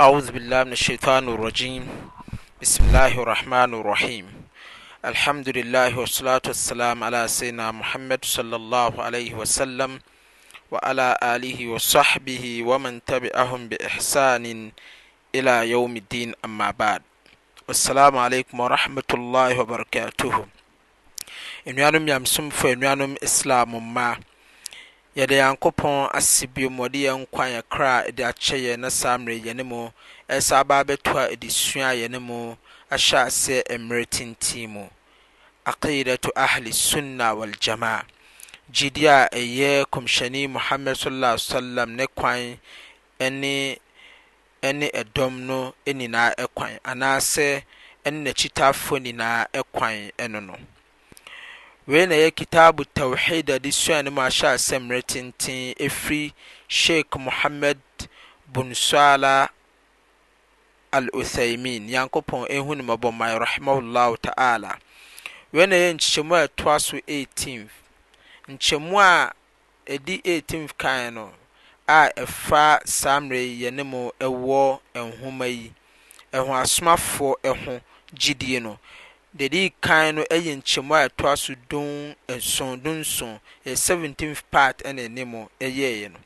أعوذ بالله من الشيطان الرجيم بسم الله الرحمن الرحيم الحمد لله والصلاة والسلام على سيدنا محمد صلى الله عليه وسلم وعلى آله وصحبه ومن تبعهم بإحسان إلى يوم الدين أما بعد والسلام عليكم ورحمة الله وبركاته إنوانم يمسم فإنوانم إسلام ما yɛde nyankopɔn ase bio mu yɛ nkwa yɛ kra de akyɛ yɛ na saa mmerɛ ne mu ɛsa aba sua yɛ ne mu ahyɛ aseɛ mmerɛ tenten mu aqidatu ahli sunna wal jamaa gyidi a ɛyɛ kɔmhyɛni muhammad sallallahu alaihi wasallam ne kwan ne ɛdɔm no nyinaa kwan anaasɛ ɛne n'akyitaafoɔ nyinaa kwan no no wei na ɛyɛ kitabu tawhid a de sua ne mu ahyɛ mmerɛ tenten ɛfiri sheikh muhammad bun al-uthaymin nyankopɔn ɛhu e ne mɔbɔ man rahimahullahu ta'ala wei na ɛyɛ nkyɛmu a ɛtoa so 18 th nkyɛmu a ɛdi 18 th kan no a ɛfa saa mmerɛ yi yɛne mu ɛwɔ nhoma yi ɛho asomafoɔ ɛho e gyidie no dedi kan no yɛ nkyɛmu a ɛtoa so dun nson dun nson yɛ seventeenth part na anim mu ɛyɛɛ no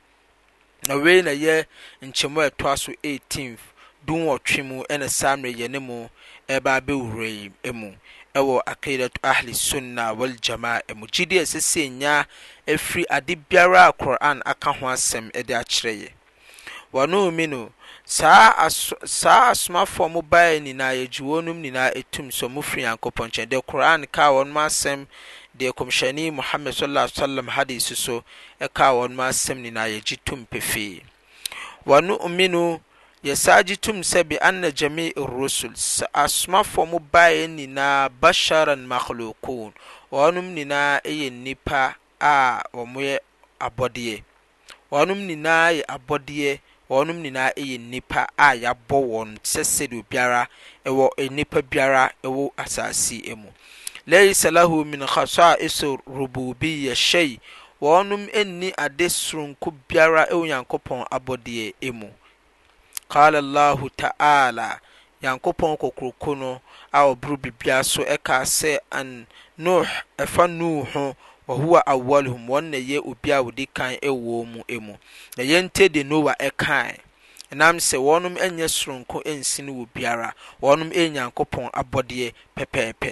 na wei na yɛ nkyɛmu a ɛtoa so th dun wɔtwe mu ena saa mmerɛ yɛ ne mu ɛba abɛwura yi mu ɛwɔ akidatu ahli sunna wal jamaa mu gyidi a ɛsɛ sɛ nya ade biara a koran aka ho asɛm ɛde akyerɛ yɛ wɔn omi no. saa asomafoɔ na baeɛ nyinaa yɛgye wɔnom nyinaa ɛtum sɛ mofiri nyankopɔn nkyɛn de koran kaa wɔnom asɛm deɛ kɔmhyɛne muhammad sallallahu alaihi wasallam hadisi so ɛkaa wɔnom asɛm nyinaa yɛgye tum pefee wɔno ominu yɛsaa gye tum sɛ bi anna jami rusul asomafoɔ mo baeɛ nyinaa basharan makhlukun wɔnom nyinaa ɛyɛ nnipa a wɔmoyɛ abɔdeɛ wɔnom nyinaa yɛ abɔdeɛ wɔnom nyinaa yɛ nnipa a yɛabɔ wɔn sɛ sɛdeɛ obiara ɛwɔ nnipa biara ɛwɔ asase mu laisa lahu min khasaisu rububiya shay wɔnom nni ade soronko biara ɛwɔ nyankopɔn abɔdeɛ mu Kala allahu ta'ala nyankopɔn kokoroko no a ɔboro bibia so ɛkaa sɛ an nuh ɛfa nuh ho howa awalhum wɔn nayɛ obi a wɔdi kan wɔ mu mu na yɛntede noa ɛkae ɛnam sɛ wɔnom ɛnyɛ soronko nsi no wɔ biara wɔnom nyankopɔn abɔdeɛ pɛpɛɛpɛ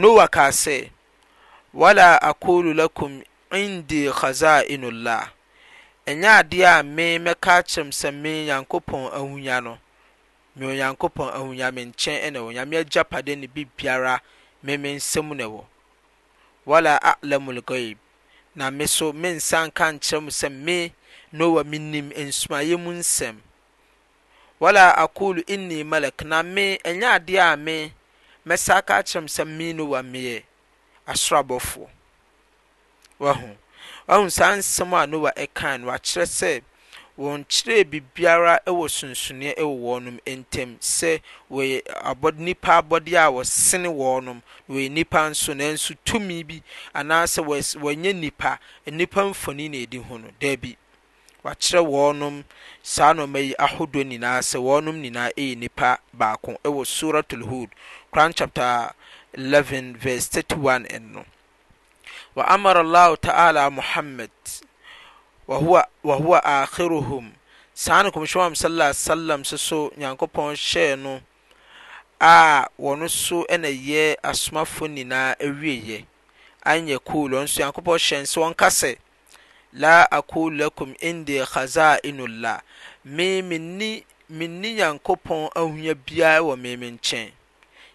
noa kaa sɛ wala akolu lakum indi khazainullah ɛnya adeɛ a me mɛkaa kyerɛm sɛ me nyankopɔn ahoya no me onyankopɔn ahonya menkyɛn nɛ wɔ nyameɛ gya padɛ ne bi biara me me nsɛm ne wɔ wala a'lamul ghaib na me so me nsa nka nkyerɛ mu no wa minnim en nsumayɛ mu sem wala aqulu inni malak na me enya adeɛ a me mɛsa aka akyerɛ mu sɛ me nowa wa hu wa hu san nsɛm a nowa e kan no chere sɛ kyerɛ biribiara wɔ sunsumii wɔ wɔn ntam sɛ wɔyɛ nipa abɔdeɛ a wɔsene wɔn wɔyɛ nipa nso nanso tumi bi anaasɛ wɔnyɛ nipa nipa mfoni na edi ho no daabi wakyerɛ wɔn saa nneɛma yi ahodoɔ nyinaa sɛ wɔn nyinaa yɛ nipa baako wɔ suratul hud koran chapter eleven verse thirty one no wa amara allah ta'ala muhammad wa huwa akhiruhum saa ne kɔmhyɛ wam sala sallam sallam so nyankopɔn hyɛn no a wɔn so na yɛ asomafo nyinaa yɛ anya cool ɔno so nyankopɔn hyɛn su wɔnka kase la akulu lakum indi khazainullah me menni menni nyankopɔn ahonya biara wɔ me me nkyɛn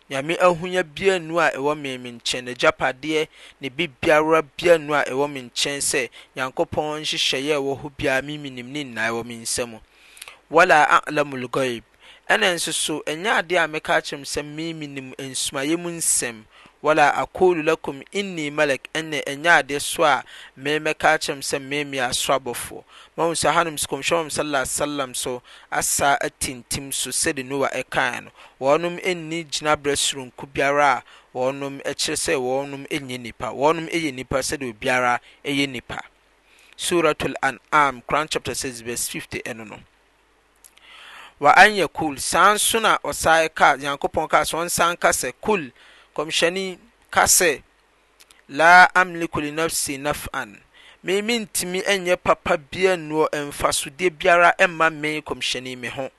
nyame ahonya bia nu a ɛwɔ me me nkyɛn n'agyapadeɛ ne bibiara bia nu a ɛwɔ me nkyɛn sɛ nyankopɔn nhyehyɛeɛ a ɛwɔ hɔ biara me menim ne nyinaa ɛwɔ me nsa mu wala a'lamu lghaib ɛna nso so ɛnyɛ adeɛ a meka kyerɛm sɛ mimi nim nsumayɛ mu nsɛm wala akolu lakum inni malak ɛnɛ ɛnyɛ adeɛ so a memɛka kyerɛm sɛ mimi aso abɔfoɔ mahu sɛ hanom kɔmhyɛm sala salam so asa atintim so sɛde noa ɛkae no wɔnom gyina berɛ soronko biara a wɔnom ɛkyerɛ sɛ wɔnom ɛnyɛ nipa wɔnom ɛyɛ nipa sɛde obiara ɛyɛ nipa suratul an'am quran chapter 6 verse 50 ɛno no wa anyakul saa nso na ɔsae kaa nyankopɔn kar sɛ ɔnsan kasɛ kul kɔmhyɛni kasɛ la amliku lenafsi nafan me mentimi ɛnyɛ papa bia anuɔ mfa sode biara ɛmma me kɔmhyɛnii me ho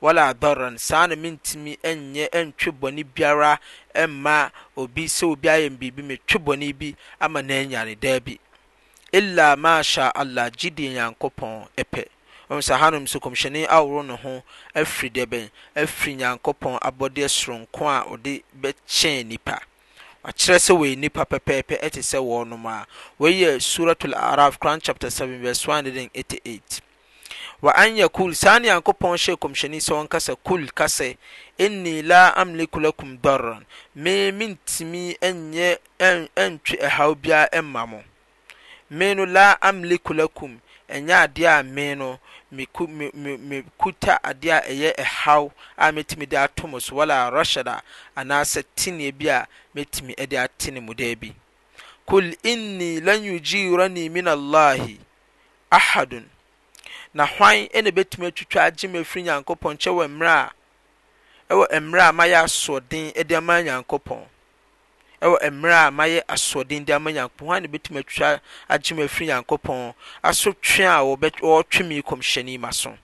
wala daran saa na mentimi ɛnyɛ ɛntwe bɔne biara ɛmma obi sɛ obi ayɛm biribi metwe bɔne bi ama na anyane daabi ila mashaallah gyidiɛ nyankopɔn ɛpɛ sahanom so kɔmhyɛnni aworo ne ho afirideɛ bɛn afiri nyankopɔn abɔdeɛ soronko a ɔde bɛkyɛɛ nnipa wakyerɛ sɛ wɔɛ nnipa pɛpɛɛpɛ ɛte sɛ wɔɔ nom a wiyɛ suratlaraf kor cp788 waanya kul saa ne nyankopɔn hyɛɛ kɔmhyɛnnii sɛ wɔnkasɛ kul ka sɛ ɛnni la amlekolakum dɔrɔn me mentimi yɛ antwe ɛhaw biara mma mu me no la amilekulakum ɛnya adeɛ ame no mekuta adeɛ a ɛyɛ ɛhaw a mɛtumi de ato mo so wala rashada anaasɛ teneɛ bi a mɛtumi de atene mu daa bi kul inni lan yugirani min allahi ahadun na hwan ɛna bɛtumi atwitwa agye me afiri nyankopɔn nkyɛ wɔ mmerɛ a ɛwɔ mmerɛ a mayɛ asoɔden de ama nyankopɔn ɛwɔ mmerɛ a mayɛ asoɔdendi ama nyankopɔn h ane bɛtumi atwitwa agye me afiri nyankopɔn asotwee a wɔɔtwemi kɔmhyɛne nyima so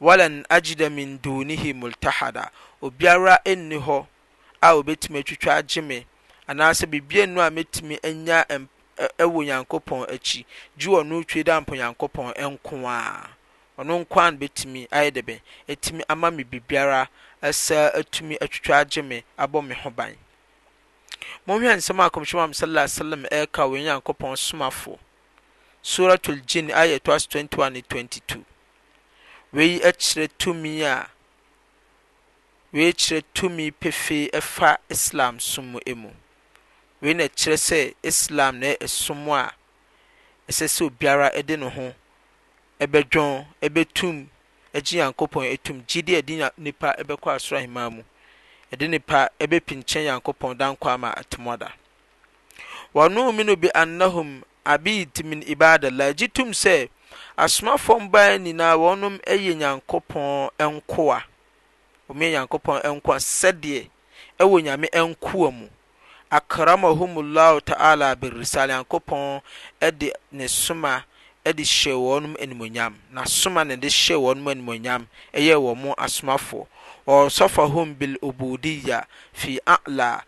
wala n agida min dunihi multahada obiara ɛnni hɔ a obɛtumi atwitwa agye me anaasɛ bibieenu a mɛtumi nya wɔ nyankopɔn akyi gyi wɔ no etwi dɛampo nyankopɔn ɛnko a ɔno nko a n bɛtumi ayɛ debɛ tumi ama mebiribiara asa atumi atwitwa agye me abɔ me ho ban monhwa nsɛm a komihwi mham saala salam ɛreka wɔi nyankopɔn somafo suratul gen ayɛ toars 21 ne 22 wei kyerɛ tumi a wei kyerɛ tumi pefee ɛfa islam so mu emu wei na ɛkyerɛ sɛ islam na ɛsom a ɛsɛ sɛ obiara ɛde ne ho ɛbɛdwon ɛbɛtum agye nyankopɔn ɛtum gyideɛa ɛdi nnipa ɛbɛkɔ a sora hema mu ɛde nipa ɛbɛpi nkyɛn nyankopɔn dankɔ ama atemɔda wɔnominu bi annahum abid min ibadallah gye tum sɛ asomafoɔ mbaa nyinaa wɔnom ɛyɛ nyankopɔn nkoa wɔmyɛ nyankopɔn nkoa sɛdeɛ ɛwɔ nyame nkoa mu akramahumullahu ta'ala birisale nyankopɔn ɛde ne soma ɛde hyɛ wɔnom animonyam na soma na ɛde hyɛ wɔnom animonyam ɛyɛ wɔn asomafoɔ ووصفهم بالعبودية في أعلى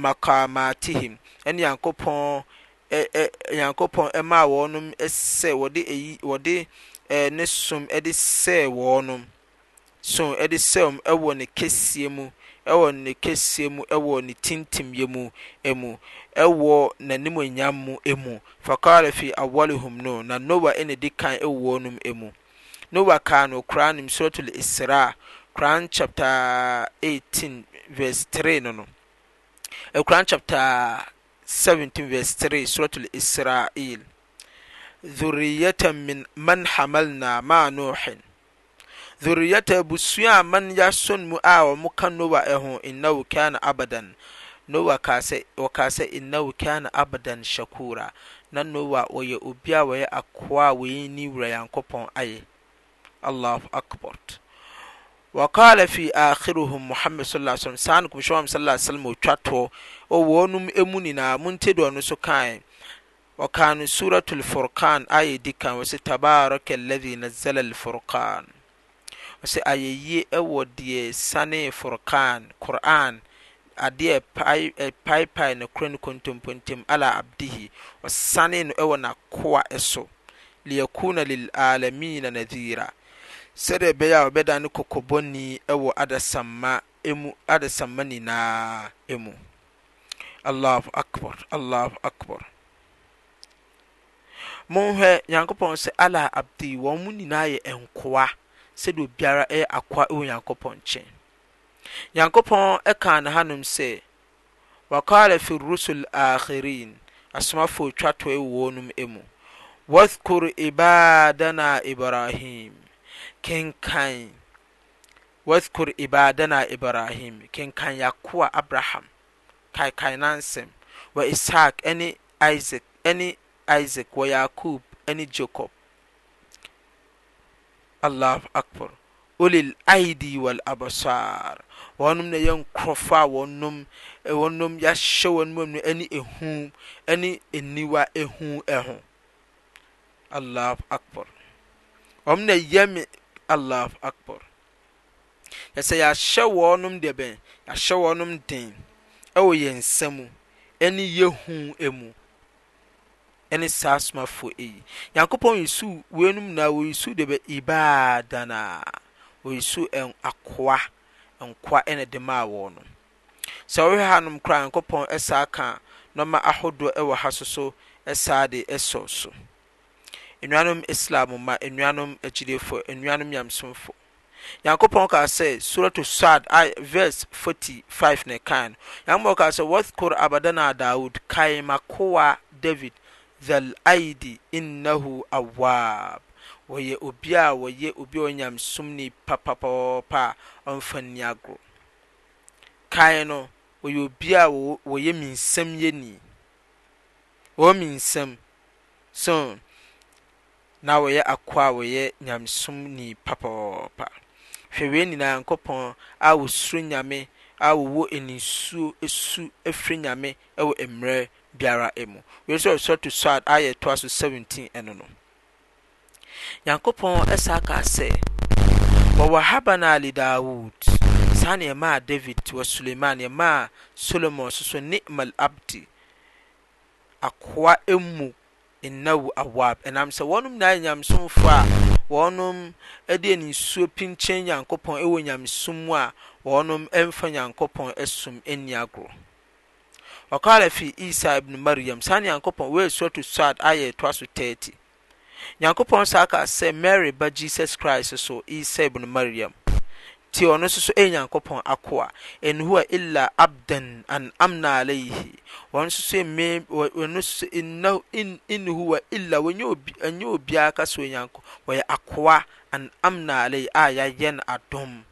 makamatihim ɛne nyankopɔn yankopɔn ɛmaa wɔnom sɛ wɔde eyi wɔde ɛɛ ne som ɛde sɛ wɔnom som ɛde sɛ wɔn ɛwɔ ne kɛseɛ mu ɛwɔ ne kɛseɛ mu ɛwɔ ne tintim tintimyɛ mu ɛmu ɛwɔ n'anim n'animonyam mu ɛmu fakara fi awalihum no na nowa ɛna di kan ɛwɔ wɔnom ɛmu nowa kaa no koraa nim suratul isra Quran chapter 18 verse 3 no no e Quran chapter 17 verse 3 suratul Israel dhurriyatan min man hamalna ma nuhin dhurriyata busua man yasun mu a wa muka nowa eho innahu kana abadan nowa kase wa kase innahu kana abadan shakura nan nowa oye obi a waye akoa waye ni wura yankopon aye Allahu akbar waqal fi airehum muhamad sla salm saa ne m sa salam ɔ twa toɔ ɔwɔ nom mu ninaa monti dɔɔ no so kae ɔka no surat lfrkan ayɛdi kan ɔsɛ tabaraka alahi nazala alfrkan ɔ sɛ ayɛyie wɔ deɛ sanee frkaan quran adeɛ pi pai nakura ne kontmpontom ala abdihi ɔsanee no ɛwɔ nakoa ɛso leyakuna lilalamina nadzira sɛdeɛ ɛbɛyɛ a ɔbɛda ne kɔkɔbɔni wɔ adasamma emu adasamma nyinaa mu allahu akbar allahu akbar monhwɛ nyankopɔn sɛ ala abdi wɔn mu nyinaa yɛ nkoa sɛdeɛ obiara yɛ akoa wɔ nyankopɔn nkyɛn nyankopɔn ɛka na hanom sɛ wakala fi rusul akhirin asomafoɔ twa toɛ wɔ wɔn mu wathkur ibadana ibrahim keka waskr ibadana ibrahim kenka yakua abraham kakanansɛm wɔ isak ne isaak wa yakob ne jacob lha olelaidi walabsar ɔnm na ykorɔ fa wɔn yahyɛ an n niwa hu ho l allah akbar yɛsɛ yɛahyɛ wɔnom deɛ bɛn yɛahyɛ wɔnom den ɛwɔ yɛn nsa mu ɛne yɛhu emu ɛne saa asomafo eyi nyankopɔn yesu wɛnum na wɔyesu deɛ bɛ ibadana wɔyesu ɛn akoa nkoa ɛna de maa wɔn no sɛ wɔhwɛ hanom koraa nyankopɔn ɛsaa ka nɔma ahodoɔ ɛwɔ ha soso ɛsaa de ɛsɔ so. so. nnuanom islam ma nnuanom akyirefo nnuanom nyamsomfo nyankopɔn kaa sɛ suratu sad a verse 45 ne kan no nyankopɔn kaa sɛ wathkur abadana daud kae makoa david dhal aidi innahu awab wɔyɛ obi a wɔyɛ obi a ɔnyamsomni papapɔɔpa a ɔmfa nni agoro kae no wɔyɛ obi a wɔyɛ minsɛm yɛni wɔwɔ minsɛm so na wɔyɛ akoa a wɔyɛ nyamesomni papɔɔpa hwɛ wei nyinaa nkɔpɔn a wɔsuro nyame a wɔwɔ nisuo su afiri nyame wɔ mmerɛ biara mu wei nso ɔsɔ to sod ayɛ toa so 17 ɛno no nyankopɔn ɛsa kaa sɛ wɔwɔ habana ali dawood saa nneɛma a david wɔ suleiman nneɛma a solomon soso ne mal akoa emu nnawu awab ɛnam sɛ wɔnom nnaayɛ nyamesomfoɔ a wɔnom de anisuo pinkyɛn nyankopɔn ɛwɔ nyamesom mu a wɔɔnom ɛmfa nyankopɔn asom anniagoro ɔkaala fii isa ibnu mariam saa ne nyankopɔn weɛsuatosad ayɛ toa so 30 nyankopɔn saaka sɛ mary ba jesus christ so isa ibno mariam ti ɔno soso so ɛyɛ e nyankopɔn akoa in illa abdan an amna alayhi wɔn nso so ɛmɛ wɔn illa wɔnyɛ obi ɛnyɛ obiara ka so e nyanko wɔyɛ akoa an amna alayhi a yɛayɛ no adom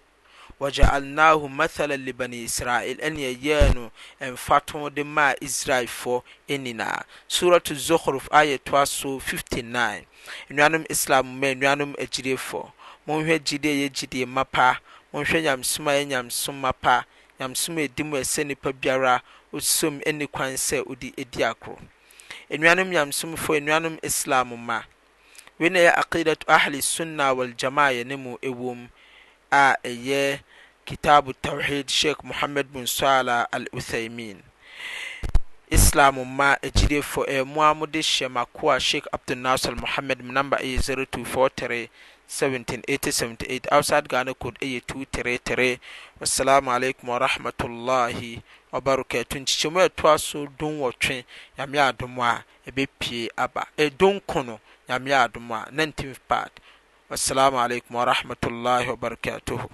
wɔgyalnahu mathala li bani israel ɛne ɛyɛɛ no mfato de maa israelfoɔ nyinaa surat zukhruf ayɛ toa so 59 nnuanom islam mma nnuanom agyirefoɔ e monhwɛ gyidie yɛ gyidie ma paa wɔnhwɛ nyamesom a ɛyɛ nyamesom pa nyamesom a ɛdi mu ɛsɛ nipa biara osom ɛni kwan sɛ ɔde ɛdi akoro nnuanom fo nnuanom islam ma wei na yɛ akidat ahli sunna wal jamaa yɛ ne mu ɛwom a ɛyɛ kitabu tawhid sheikh muhammad bin sala al uthaymin islam ma agyidefo fo ɛmoa eh, mo de hyɛ makoa sheikh abdul nasir muhammad mu namba ɛyɛ 0243 1788 outside Ghana code ɛyɛ 233 wassalamu alaikum warahmatullahi wabarakatuh nkyekyɛmu a ɛtoa so don wɔtwe nyame adom a ɛbɛpie aba ɛdon ko no nyame adom a 19th part wassalamu alaikum warahmatullahi wabarakatuh